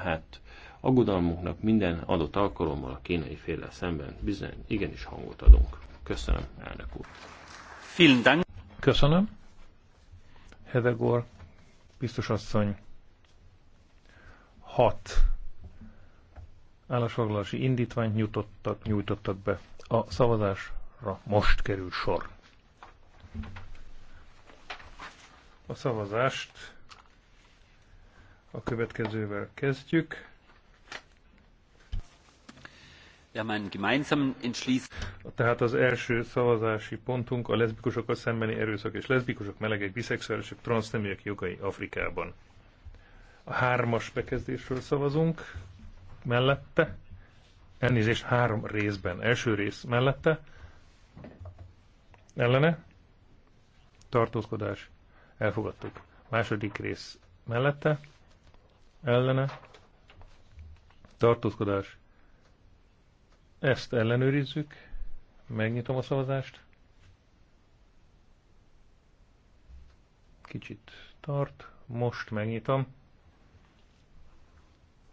hát aggodalmunknak minden adott alkalommal a kínai féle szemben bizony igenis hangot adunk. Köszönöm, elnök úr. Köszönöm. Hedegor, biztos asszony, hat állásfoglalási indítványt nyújtottak, nyújtottak be. A szavazásra most kerül sor. A szavazást a következővel kezdjük. Tehát az első szavazási pontunk a leszbikusokkal szembeni erőszak és leszbikusok, melegek, biszexuálisok, transzneműek jogai Afrikában. A hármas bekezdésről szavazunk mellette. Elnézést három részben. Első rész mellette. Ellene. Tartózkodás. Elfogadtuk. Második rész mellette ellene, tartózkodás. Ezt ellenőrizzük, megnyitom a szavazást. Kicsit tart, most megnyitom.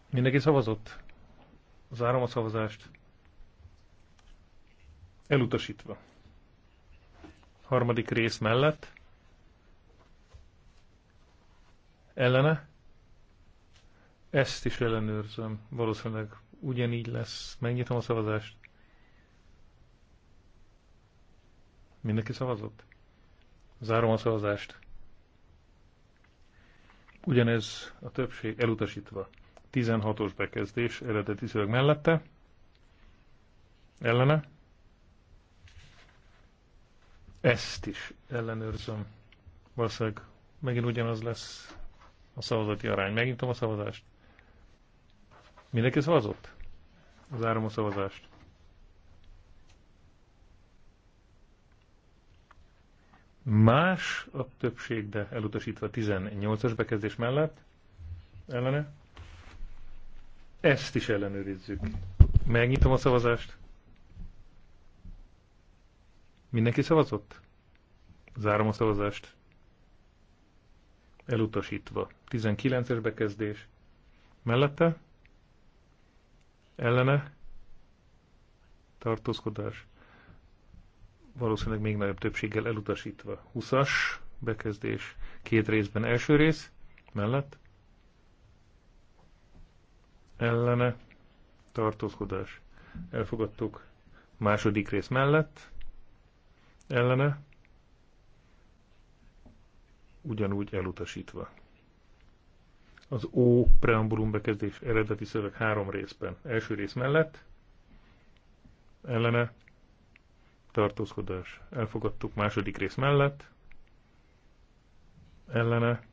Mindenki szavazott? Zárom a szavazást. Elutasítva. Harmadik rész mellett. Ellene? Ezt is ellenőrzöm. Valószínűleg ugyanígy lesz. Megnyitom a szavazást. Mindenki szavazott? Zárom a szavazást. Ugyanez a többség elutasítva. 16-os bekezdés eredeti szöveg mellette. Ellene. Ezt is ellenőrzöm. Valószínűleg megint ugyanaz lesz a szavazati arány. Megnyitom a szavazást. Mindenki szavazott? Zárom a szavazást. Más a többség, de elutasítva 18-as bekezdés mellett ellene. Ezt is ellenőrizzük. Megnyitom a szavazást. Mindenki szavazott? Zárom a szavazást. Elutasítva. 19-es bekezdés. Mellette? ellene tartózkodás valószínűleg még nagyobb többséggel elutasítva. 20-as bekezdés két részben első rész mellett ellene tartózkodás. Elfogadtuk második rész mellett ellene ugyanúgy elutasítva az O preambulum bekezdés eredeti szöveg három részben. Első rész mellett, ellene, tartózkodás. Elfogadtuk második rész mellett, ellene,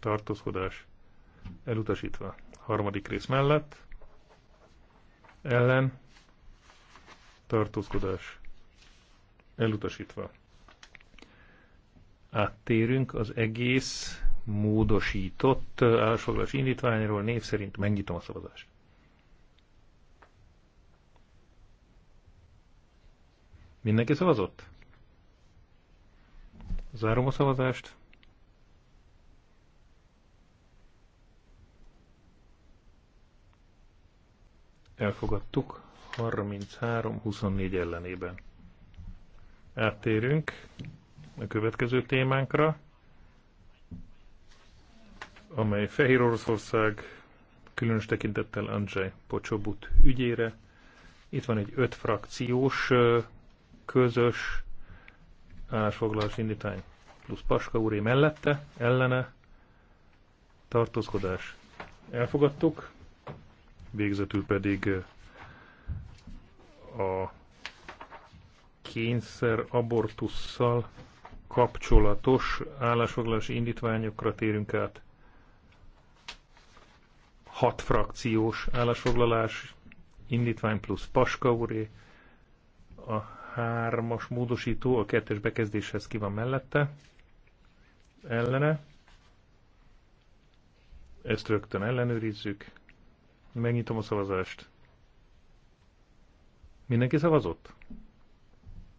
tartózkodás. Elutasítva. Harmadik rész mellett, ellen, tartózkodás. Elutasítva. Áttérünk az egész módosított állásfoglalás indítványról név szerint megnyitom a szavazást. Mindenki szavazott? Zárom a szavazást. Elfogadtuk 33-24 ellenében. Áttérünk a következő témánkra amely Fehér Oroszország különös tekintettel Andrzej Pocsobut ügyére. Itt van egy öt frakciós közös állásfoglalás indítány plusz Paska úré mellette, ellene tartózkodás. Elfogadtuk, végzetül pedig a kényszer abortussal kapcsolatos állásfoglalási indítványokra térünk át hat frakciós állásfoglalás, indítvány plusz Paska úré, a hármas módosító a kettes bekezdéshez ki van mellette, ellene. Ezt rögtön ellenőrizzük. Megnyitom a szavazást. Mindenki szavazott?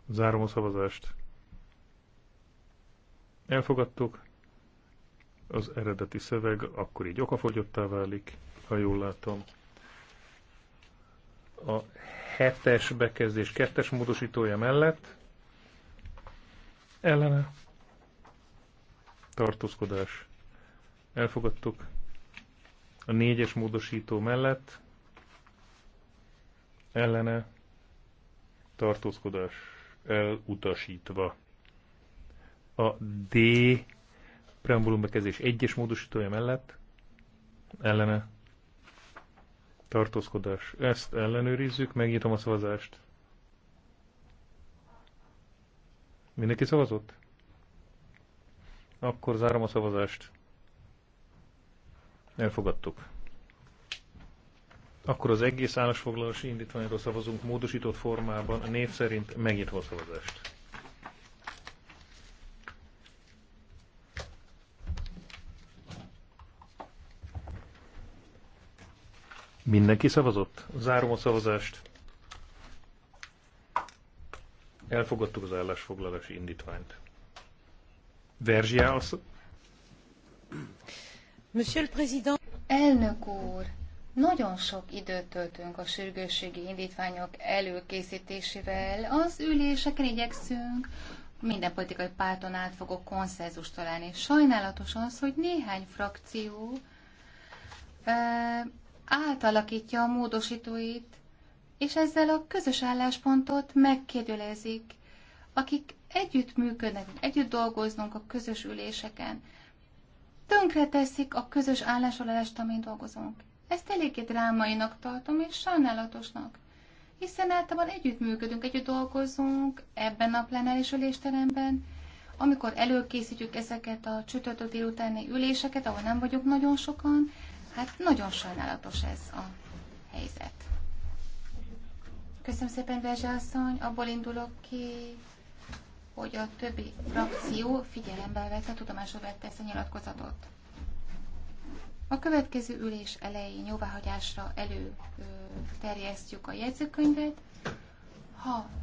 Zárom a szavazást. Elfogadtuk az eredeti szöveg, akkor így okafogyottá válik, ha jól látom. A hetes bekezdés kettes módosítója mellett ellene tartózkodás elfogadtuk. A négyes módosító mellett ellene tartózkodás elutasítva. A D Preambulum bekezdés egyes módosítója mellett ellene tartózkodás. Ezt ellenőrizzük, megnyitom a szavazást. Mindenki szavazott? Akkor zárom a szavazást. Elfogadtuk. Akkor az egész állásfoglalási indítványról szavazunk módosított formában, név szerint megnyitva a szavazást. Mindenki szavazott? Zárom a szavazást. Elfogadtuk az állásfoglalási indítványt. Verzsia az... Monsieur le Président. Elnök úr, nagyon sok időt töltünk a sürgősségi indítványok előkészítésével. Az üléseken igyekszünk minden politikai párton átfogó konszenzust találni. Sajnálatos az, hogy néhány frakció eh, átalakítja a módosítóit, és ezzel a közös álláspontot megkérdőlezik, akik együtt működnek, együtt dolgoznunk a közös üléseken. Tönkre teszik a közös állásolást, amin dolgozunk. Ezt eléggé drámainak tartom, és sajnálatosnak. Hiszen általában együtt működünk, együtt dolgozunk ebben a plenáris ülésteremben, amikor előkészítjük ezeket a csütörtök délutáni üléseket, ahol nem vagyunk nagyon sokan, Hát nagyon sajnálatos ez a helyzet. Köszönöm szépen, Verzsa asszony. Abból indulok ki, hogy a többi frakció figyelembe vette, tudomásul vette ezt a nyilatkozatot. A következő ülés elején jóváhagyásra előterjesztjük a jegyzőkönyvet. Ha